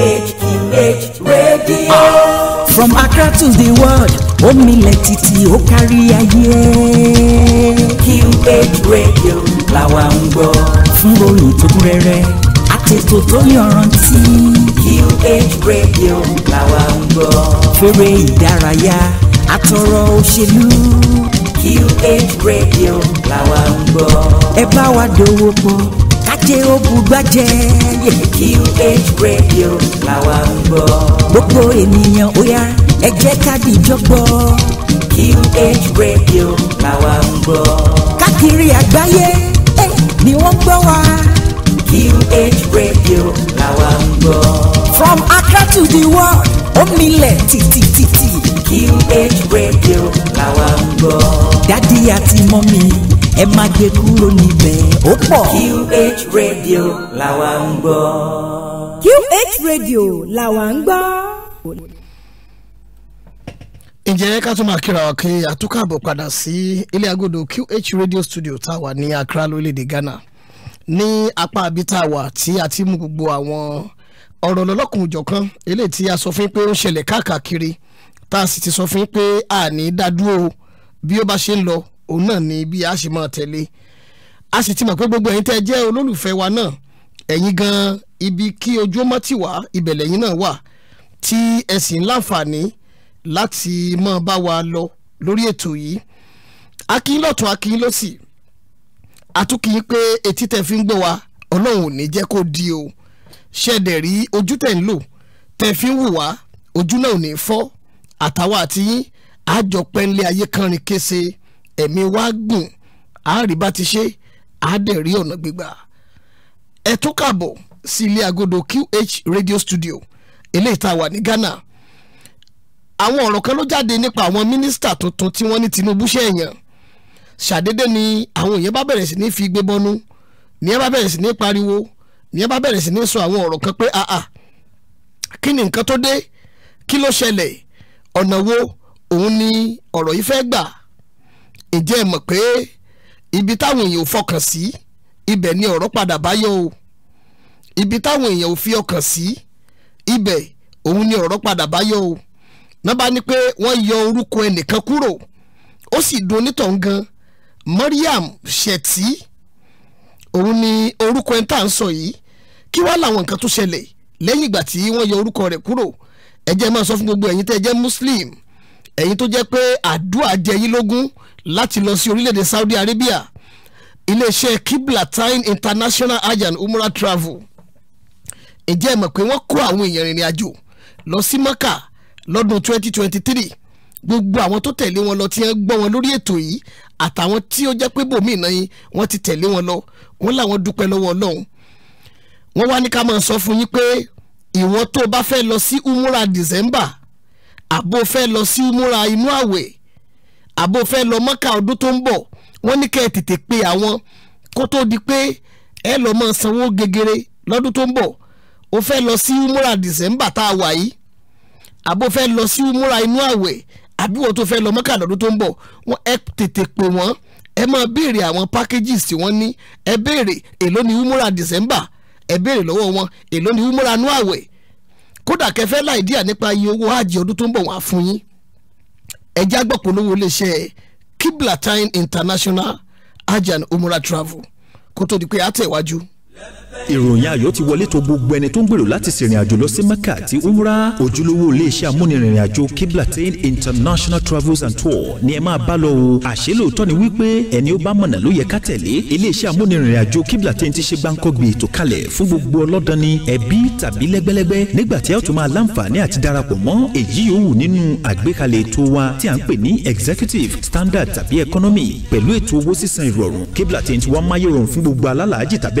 QH Radio. From Accra to the world, omilẹ̀ títí ó kárí ayé. QH Radio làwa ń gbọ́. Fún orin tó kún rẹ́rẹ́, àtètò tó yọrantí. QH Radio làwa ń gbọ́. Fèrè ìdárayá, àtọ̀rọ̀ òṣèlú. QH Radio làwa ń gbọ́. Ẹ bá wa dòwò pọ̀ ajé ó bugbájẹ́. QH radio làwa ń gbọ́. gbogbo ènìyàn ó yá ẹ jẹ́ ká dìjọ́ gbọ́. QH radio làwa ń gbọ́. káàkiri àgbáyé ni wọ́n gbọ́ wa. QH radio làwa ń gbọ́. from Accra to the world ó milẹ̀ tìtìtìtì. QH radio làwa ń gbọ́. dádì àti mọ́mí ẹ má gbé kúrò níbẹ̀ ó pọ̀. QH radio làwa ń gbọ́. QH radio làwa ń gbọ́. ǹjẹ́ ká tún máa kíra wa àtúkàbọ̀ padà sí ilé agodo QH radio studio tá a wà ní Accra lórílẹ̀‐èdè Ghana ní apá abita wa tí a ti mú gbogbo àwọn ọ̀rọ̀ lọ́lọ́kùn òjọ̀kan eléyìí tí a sọ fún pé ó ń ṣẹlẹ̀ káàkiri tá a sì ti sọ fún pé a ní dádúró bí ó bá ṣe ń lọ òun náà ni bí a ṣe máa tẹ̀lé a sì ti mọ̀ pé gbogbo ẹ̀yin tẹ́ jẹ́ olólùfẹ́ wa náà ẹ̀yin gan ibi kí ojú ọmọ tì wá ibẹ̀ lẹ́yìn náà wà tí ẹ sì ń láǹfààní láti máa bá wa lọ lórí ètò yìí akín lọ́tún akín lọ́sì àtúkìyín pé etí tẹ́ fi ń gbọ́ wa ọlọ́run ò ní jẹ́ kó di o ṣẹ̀dẹ̀ rí ojú tẹ̀ ń lò tẹ́ fi ń wù wá ojú náà ò ní fọ́ àtàwọn àti yín ayé kan rìn kése ẹ̀mí wa gùn àárí bá ti ṣe àádẹ́rí ọ̀nà gbígbà ẹ tún kàbọ̀ sí ilé agodo QH radio studio eléyìí tá a wà ní Ghana àwọn ọ̀rọ̀ kan ló jáde nípa àwọn mínísítà tuntun tí wọ́n ní Tinubu ṣẹ̀yàn ṣàdédé ni àwọn èèyàn bá bẹ̀rẹ̀ sí ní fi gbé bọ́nú ni ẹ bá bẹ̀rẹ̀ sí ní pariwo ni ẹ bá bẹ̀rẹ̀ sí ní sọ àwọn ọ̀rọ̀ kan pé àà kí ni nǹkan tó dé kí ló ṣẹlẹ̀ ọ̀nà wo òun ni ọ̀rọ̀ yìí fẹ́ gbà ǹjẹ́ ẹ mọ̀ pé ibi táwọn èèyàn ò fọkàn sí ibẹ̀ ni ọ̀rọ̀ padà báyọ̀ o ibi táwọn èèyàn ò fi ọkàn sí ibẹ̀ òun ni ọ̀rọ̀ padà báyọ̀ o náà bá ní pé wọ́n yọ orúkọ ẹnìkan kúrò ó sì dùn onítọ̀hún gan Mariam Shetty òun ni orúkọ ẹni tá à ń sọ yìí kí wá làwọn nǹkan tó ṣẹlẹ̀ lẹ́yìn ìgbà tí wọ́n yọ orúkọ rẹ̀ kúrò ẹ máa sọ fún gbogbo ẹ̀yin tẹ́ ẹ jẹ́ Muslim ẹ̀yin tó jẹ́ pé àdúrà jẹ yín lógún láti lọ sí orílẹ̀-èdè Saudi Arabia iléeṣẹ́ tain International agent and Travel ǹjẹ́ ẹ mọ̀ pé wọ́n kó àwọn èèyàn rìnrìn àjò lọ sí Mecca lọ́dún 2023 gbogbo àwọn tó tẹ̀lé wọn lọ tí wọ́n gbọ́ wọn lórí ètò yìí àtàwọn tí ó jẹ́ pé bòmíì náà yín wọ́n ti tẹ̀lé wọn lọ wọ́n làwọn dúpẹ́ lọ́wọ́ Ọlọ́run wọ́n wá ní ká máa sọ fún yín pé ìwọ tó bá fẹ́ lọ sí umura December àbó fẹ́ lọ sí umura inú àwẹ̀ àbò fẹ́ lọ mọ́kà ọdún tó ń bọ̀ wọ́n ní kẹ́ ẹ tètè pe àwọn kó tó di pé ẹ lọ mọ́ sanwó gegere lọ́dún tó ń bọ̀ o fẹ́ lọ sí umura dìsẹ́mbà tá a wà yìí àbò fẹ́ lọ sí umura inú àwẹ̀ àbí wọ́n tó fẹ́ lọ mọ́kà lọ́dún tó ń bọ̀ wọ́n ẹ tètè pè wọ́n ẹ máa béèrè àwọn packages tí wọ́n ní ẹ béèrè èló ni umura dìsẹ́mbà ẹ béèrè lọ́wọ́ wọn èló ni umura inú àwẹ̀ kódà kẹfẹ́ láì díà nípa iye owó hajj ọdún tó ń bọ̀ wá fún yín ẹjẹ́ agbọ́pọ̀lówó iléeṣẹ́ Kiblatain International Hajj umura Travel kó tó di pé a tẹ̀wájú. Yeah ìròyìn ayọ̀ ti wọlé tó gbogbo ẹni tó ń gbèrò láti ṣèrìn àjò lọ sí mecca àti umrah ojúlówó iléeṣẹ́ amúnirìnrìn àjò kiblatin international travels and tour ni ẹ máa bá lọ o àṣé lóòótọ́ ni wípé ẹni ó bá mọ̀nà ló yẹ ká tẹ̀lé iléeṣẹ́ amúnirìnrìn àjò kiblatin ti ṣe gbáǹkọ́ gbé ètò kalẹ̀ fún gbogbo ọlọ́dani ẹbí tàbí lẹ́gbẹ́lẹ́gbẹ́ nígbà tí ẹ ó tún máa láǹfààní àti darapọ̀ mọ́ èyí yòówù nínú executive standard tàbí economy pẹ̀lú ètò owó sísan ìrọ̀rùn kiblatin ti wá máyé rọrùn fún gbogbo alálàájì tàbí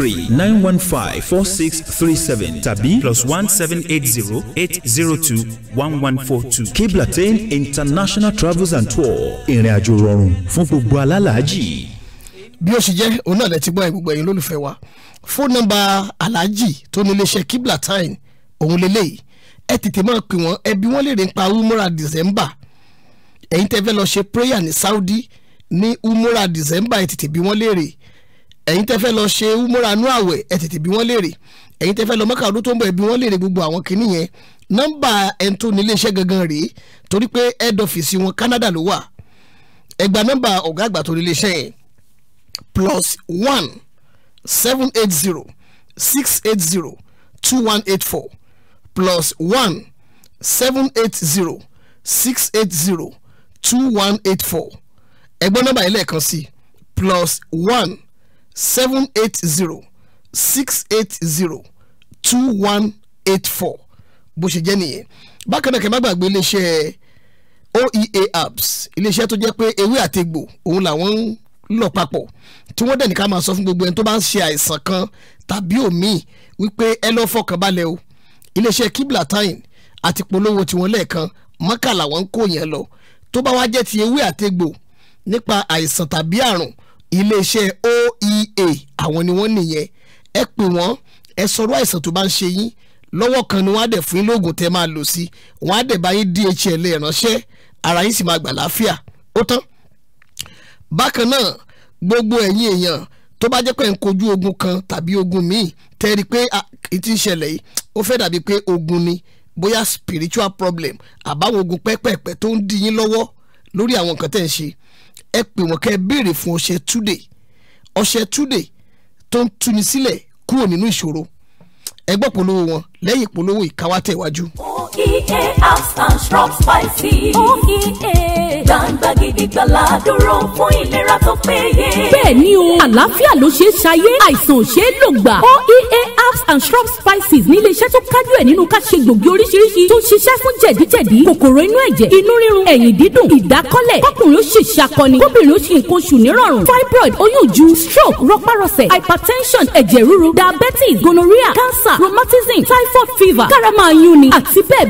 three nine one five four six three seven tàbí plus one seven eight zero eight zero two one one four two. Kiblatin International Travels and Tour ìrìn àjò rọrùn fún gbogbo alálàájì. bí ó ṣe jẹ́ òun náà lẹ ti gbọ́ ẹ̀ gbogbo lólùfẹ́ wa fóònù nọ́mbà aláàjì tó ní iléeṣẹ́ Kiblatin òun lélẹ́yìí ẹ tètè máa pè wọ́n ẹbí wọ́n lè rí pa umura december ẹ̀yin tẹ́ fẹ́ lọ ṣe prayer ní Saudi ní umura december ẹ tètè bí wọ́n léèrè 0244 ẹ̀yin tẹ́ fẹ́ lọ ṣe umura nú àwẹ̀ ẹ̀ tètè bí wọ́n léèrè ẹ̀yin tẹ́ fẹ́ lọ mọ́kà ọdún tó ń bọ̀ ẹ̀ wọ́n léèrè gbogbo àwọn kìíní yẹn nọ́mbà ẹni tó gangan rèé torí pé head office wọn Canada ló wà ẹ gba nọ́mbà ọ̀gá àgbà tó ní yẹn plus one seven eight zero six eight zero two one eight four plus one seven eight zero six eight zero two one eight four ẹ gbọ́ nọ́mbà yẹn lẹ́ẹ̀kan sí plus one seven eight zero six eight zero two one eight four bó ṣe jẹ́ nìyẹn bákan náà kẹ́ má gbàgbé iléeṣẹ́ oea apps iléeṣẹ́ tó jẹ́ pé ewé àtegbò òun làwọn ń lọ papọ̀ tí wọ́n dẹ̀ ní ká máa sọ fún gbogbo ẹni tó bá ń ṣe àìsàn kan tàbí òmíì wípé ẹ lọ́ fọkàn balẹ̀ o iléeṣẹ́ kibla time àti polówó tiwọn lẹ́ẹ̀kan mọ́kànlá wọn ń kó yẹn lọ tó bá wá jẹ́ ti ewé àtegbò nípa àìsàn tàbí àrùn iléeṣẹ́ oea àwọn ni wọ́n nìyẹn ẹ pè wọ́n ẹ sọ̀rọ̀ àìsàn tó bá ń ṣe yín lọ́wọ́ kan ni wọ́n á dẹ̀ fún yín lóògùn tẹ́ máa lò sí wọ́n á dẹ̀ bá yín DHL ránṣẹ́ ara yín sì máa gbà láàfíà ó tán. bákan náà gbogbo ẹ̀yin èèyàn tó bá jẹ́ pé ń kojú ogun kan tàbí ogun míì tẹ́ rí i pé ti ṣẹlẹ̀ yìí ó fẹ́ dàbí pé ogun ni bóyá spiritual problem àbáwọn ogun pẹ́pẹ́pẹ́ tó ń di yín lọ́wọ́ lórí àwọn nǹkan tẹ́ ń ṣe ẹ pè wọ́n kẹ́ ẹ béèrè fún ọṣẹ túdè ọṣẹ túdè tó ń tuni sílẹ̀ kúrò nínú ìṣòro ẹ polówó wọn lẹ́yìn polówó ìkáwátẹ̀wájú oea herbs and shrub spices. oea. Oh, gbangba gidigbala dúró fún ìlera tó péye. ni o àlàáfíà ló ṣe é ṣayé àìsàn ò ṣe é lò gbà. oea herbs and shrub spices ní iléeṣẹ́ tó kájú ẹ̀ nínú ká ṣe gbòógì oríṣiríṣi tó ń ṣiṣẹ́ fún jẹ̀díjẹ̀dí kòkòrò inú ẹ̀jẹ̀ inú rírun ẹ̀yìn dídùn ìdákọ́lẹ̀ kọkùnrin ó ṣe ṣakọni kóbìnrin ó ṣe nǹkan oṣù nírọ̀rùn fibroid oyún ju stroke rọpárọsẹ̀ hypertension ẹ̀jẹ̀ ríru diabetes gonorrhea cancer rheumatism typhoid fever karama ayuni àti bẹ́ẹ̀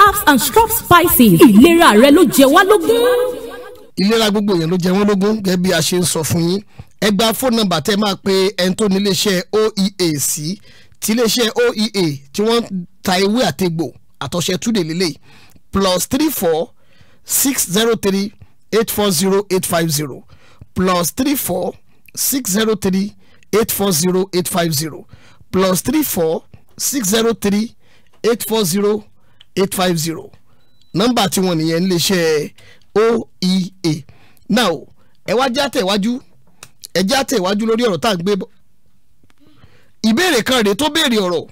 herbs and strong spices ìlera rẹ ló jẹ wá lógún. ìlera gbogbo èèyàn ló jẹ wọ́n lógún gẹ́gẹ́ bí a ṣe ń sọ fún yín ẹ gba fóònù nọ́mbà tẹ́ máa pe ẹni tó ní oea sí ti iléeṣẹ́ oea tí wọ́n ta ewé àtegbò àtọ̀ṣẹ́ túdè lélẹ̀ plus three four six zero three eight four zero eight five zero plus three four six zero three eight four zero eight five zero plus three four six zero three eight four zero eight five zero nọ́mbà tiwọn nìyẹn níléeṣẹ́ oea now ẹ wá já tẹ̀wájú ẹ já tẹ̀wájú lórí ọ̀rọ̀ tá à ń gbé bọ̀ ìbéèrè kan rèé tó béèrè ọ̀rọ̀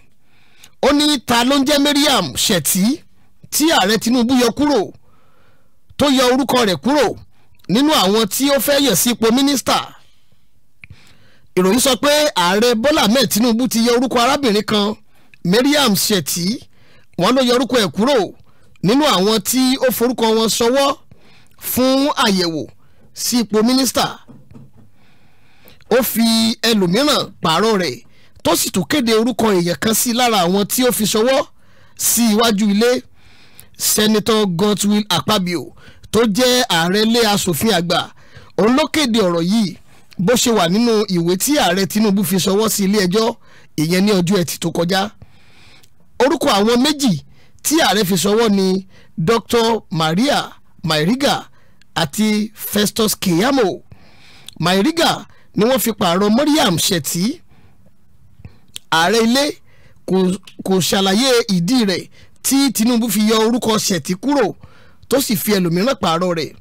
ó ní ta ló ń jẹ́ Mariam Shetty tí ààrẹ Tinubu yọ kúrò tó yọ orúkọ rẹ̀ kúrò nínú àwọn tí ó fẹ́ yàn sípò mínísítà ìròyìn sọ pé ààrẹ Bọ́lá Ahmed Tinubu ti yọ orúkọ arábìnrin kan Mariam Shetty wọ́n ló yọ orúkọ ẹ̀ kúrò nínú àwọn tí ó forúkọ wọn ṣọwọ́ fún àyẹ̀wò sí ipò mínísítà ó fi ẹlòmíràn pààrọ̀ rẹ̀ tó sì tún kéde orúkọ èèyàn kan sí lára àwọn tí ó fi ṣọwọ́ sí iwájú ilé sẹ́nitọ́ Godswill Akpabio tó jẹ́ ààrẹ ilé asòfin àgbà òun ló kéde ọ̀rọ̀ yìí bó ṣe wà nínú ìwé tí ààrẹ Tinubu fi ṣọwọ́ sí ilé ìyẹn ní ọjọ́ ẹtì tó kọjá orúkọ àwọn méjì tí ààrẹ fi sọwọ́ ni Dr. Maria Mairiga àti Festus Kiyamo, Mairiga ni wọ́n fi pààrọ̀ Mariam Shetty ààrẹ ilé kò ṣàlàyé ìdí rẹ̀ tí Tinubu fi yọ orúkọ Shetty kúrò tó sì fi ẹlòmíràn pààrọ̀ rẹ̀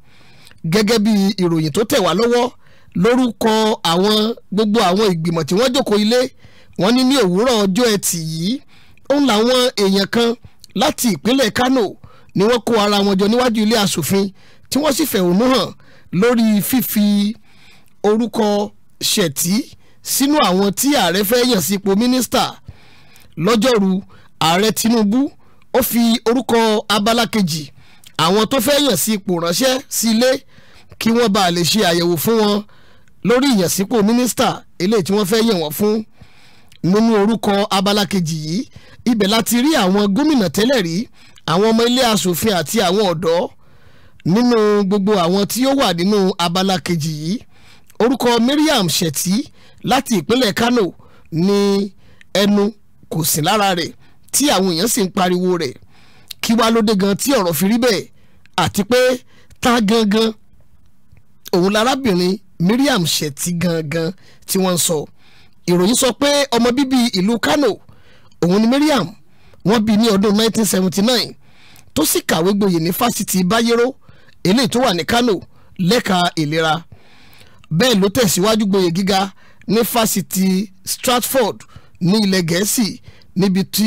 gẹ́gẹ́ bí ìròyìn tó tẹ̀ wá lọ́wọ́ lórúkọ àwọn gbogbo àwọn ìgbìmọ̀ tí wọ́n jókòó ilé wọ́n ní ní òwúrọ̀ ọjọ́ ẹtì yìí òun làwọn èèyàn kan láti ìpínlẹ̀ Kano ni wọ́n kó ara wọn jọ níwájú ilé asòfin tí wọ́n sì fẹ̀hónú hàn lórí fífi orúkọ Ṣẹ̀tì sínú àwọn tí ààrẹ fẹ́ yàn sípò mínísítà lọ́jọ́rú ààrẹ Tinubu ó fi orúkọ abala kejì àwọn tó fẹ́ yàn sípò ránṣẹ́ sílé kí wọ́n bá lè ṣe àyẹ̀wò fún wọn lórí ìyànsípò mínísítà eléyìí tí wọ́n fẹ́ yàn wọ́n fún nínú orúkọ abala kejì yìí ibẹ̀ láti rí àwọn gómìnà tẹ́lẹ̀ rí àwọn ọmọ ilé asòfin àti àwọn ọ̀dọ́ nínú gbogbo àwọn tí ó wà nínú abala kejì yìí orúkọ Mariam Shetty láti ìpínlẹ̀ Kano ní ẹnu kò sí lára rẹ̀ tí àwọn èèyàn sì ń pariwo rẹ̀ kí wá ló dé gan tí ọ̀rọ̀ fi rí bẹ́ẹ̀ àti pé ta gangan òun lárábìnrin Mariam Shetty gangan tí wọ́n ń sọ. So ìròyìn sọ pé ọmọ bíbí ìlú Kano òun ni Mariam wọ́n bí ní ọdún 1979 tó sì kàwé gboyè ní fásitì Bayero eléyìí tó wà ní Kano lẹ́ka ìlera bẹ́ẹ̀ ló tẹ̀síwájú gboyè gíga ní fásitì Stratford ní ilẹ̀ Gẹ̀ẹ́sì níbi tí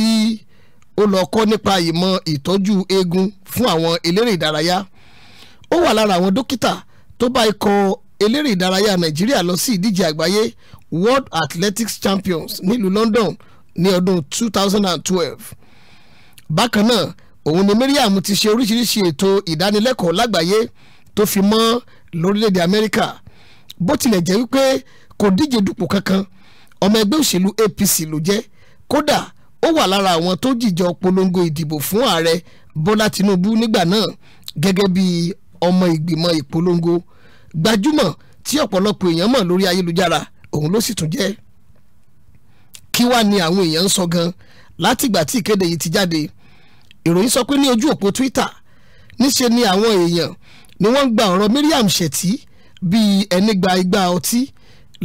ó lọ kọ́ nípa ìmọ̀ ìtọ́jú eegun fún àwọn eléré ìdárayá ó wà lára àwọn dókítà tó bá ikọ̀ eléré ìdárayá Nàìjíríà lọ sí ìdíje àgbáyé world athletics champions nílùú London ní ọdún 2012 bákan náà òun ni Mariam ti ṣe oríṣiríṣi ètò ìdánilẹ́kọ̀ọ́ lágbàáyé tó fi mọ́ lórílẹ̀‐èdè Amẹ́ríkà bó tilẹ̀ jẹ́ wípé kò díje dupò kankan ọmọ ẹgbẹ́ òṣèlú APC ló jẹ́ kódà ó wà lára àwọn tó jìjọ polongo ìdìbò fún ààrẹ Bọ́lá Tinubu nígbà náà gẹ́gẹ́ bí ọmọ ìgbìmọ̀ ìpolongo gbajúmọ̀ tí ọ̀pọ̀lọpọ̀ èèyàn mọ̀ lórí ayélujára òun ló sì tún jẹ́ kí wàá ní àwọn èèyàn ń sọ gan látìgbà tí ìkéde yìí ti jáde ìròyìn sọ pé ní ojú òpó Twitter níṣe ni àwọn èèyàn ni wọ́n ń gba ọ̀rọ̀ Miriam Shetty bíi ẹni gba igba ọtí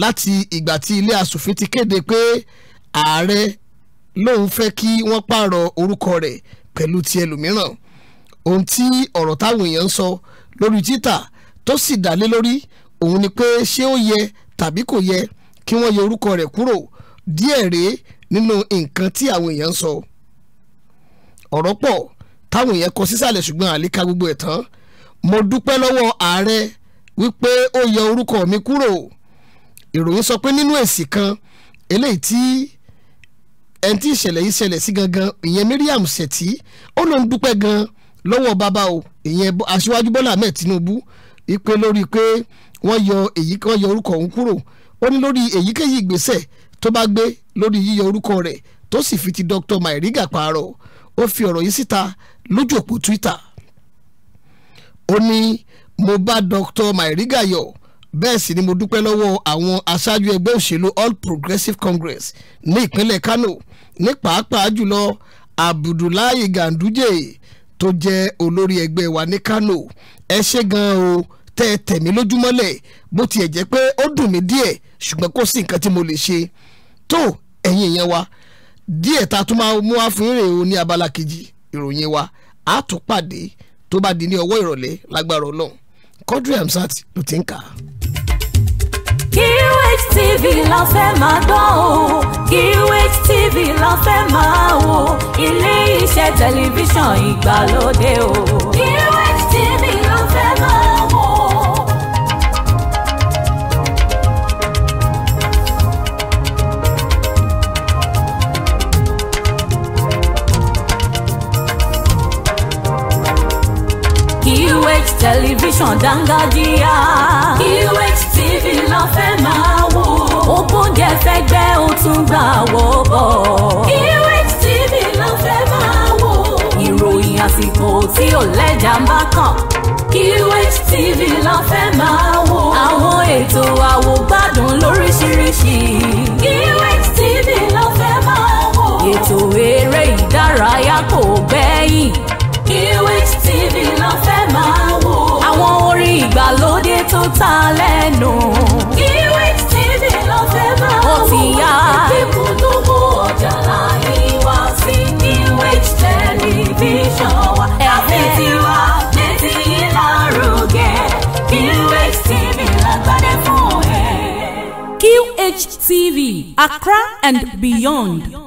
láti ìgbà tí ilé asòfin ti kéde pé ààrẹ lòun fẹ́ kí wọ́n pààrọ̀ orúkọ rẹ̀ pẹ̀lú ti ẹlòmíràn ohun tí ọ̀rọ̀ táwọn èèyàn ń sọ lórí Twitter tó sì dá lórí òun ni pé ṣé ó yẹ tàbí kò yẹ kí wọ́n yọ orúkọ rẹ̀ kúrò díẹ̀ rèé nínú nǹkan tí àwọn èèyàn ń sọ ọ̀rọ̀ pọ̀ táwọn èèyàn kọ sísàlẹ̀ ṣùgbọ́n àlíká gbogbo ẹ̀ tán mo dúpẹ́ lọ́wọ́ ààrẹ wípé ó yọ orúkọ mi kúrò ìròyìn sọ pé nínú èsì kan eléyìí tí ẹni tí ìṣẹ̀lẹ̀ yìí ṣẹlẹ̀ sí gangan ìyẹn Miriam Seti ó ló ń dúpẹ́ gan lọ́wọ́ bàbá o ìyẹn aṣíwájú Bọ́lá Ahmed Tinubu wípé lórí pé wọ́n yọ èyí kan yọ orúkọ òun kúrò ó ní lórí èyíkéyìí ìgbésẹ̀ tó bá gbé lórí yíyọ orúkọ rẹ̀ tó sì fi ti Dr. Maiga pààrọ̀ ó fi ọ̀rọ̀ yìí síta lójú òpó Twitter ó ní mo bá Dr. Maiga yọ̀ bẹ́ẹ̀ sì ni mo dúpẹ́ lọ́wọ́ àwọn aṣáájú ẹgbẹ́ òṣèlú All Progressives Congress ní ìpínlẹ̀ Kano ní pàápàá jùlọ Abdullahi Ganduje tó jẹ́ olórí ẹgbẹ́ wa ní Kano ẹ ṣé gan o tẹ́ tẹ̀mí lójúmọ́lẹ̀ bó tiẹ̀ jẹ́ pé ó dùn mí díẹ̀ ṣùgbọ́n kò sí nǹkan tí mo lè ṣe tó ẹ̀yin èèyàn wa díẹ̀ ta tún máa mú wá fún ìrìn abala kejì ìròyìn wa á tún pàdé tó bá di ní ọwọ́ ìrọ̀lẹ́ lágbára ọlọ́run Quadri Hamzat ló ti ń kà á. QH TV la fẹ́ máa gbọ́ o QH TV la fẹ́ máa wò ilé iṣẹ́ tẹlifíṣàn ìgbàlódé o QH TV la fẹ́ máa gbọ́ o. QH television dáńgájíá. QH TV la fẹ́ máa wò. ògbóǹjẹ fẹ́gbẹ́ ó tún gbà wọ́ bọ̀. QH TV la fẹ́ máa wò. ìròyìn àsìkò tí ò lẹ́jà ń bá kàn. QH TV la fẹ́ máa wò. àwọn ètò àwògbádùn lóríṣiríṣi. QH TV la fẹ́ máa wò. ètò eré ìdárayá kò lẹ́nu. QH TV ló fẹ́ máa wò ó ti yá. ìbùdókò ọjà láyé wá sí QH tẹlifíṣàn wa. ẹ̀fẹ̀ ti létí ìlàrúgẹ QH TV lágbádẹ́ fún ẹ. QH TV Accra and beyond.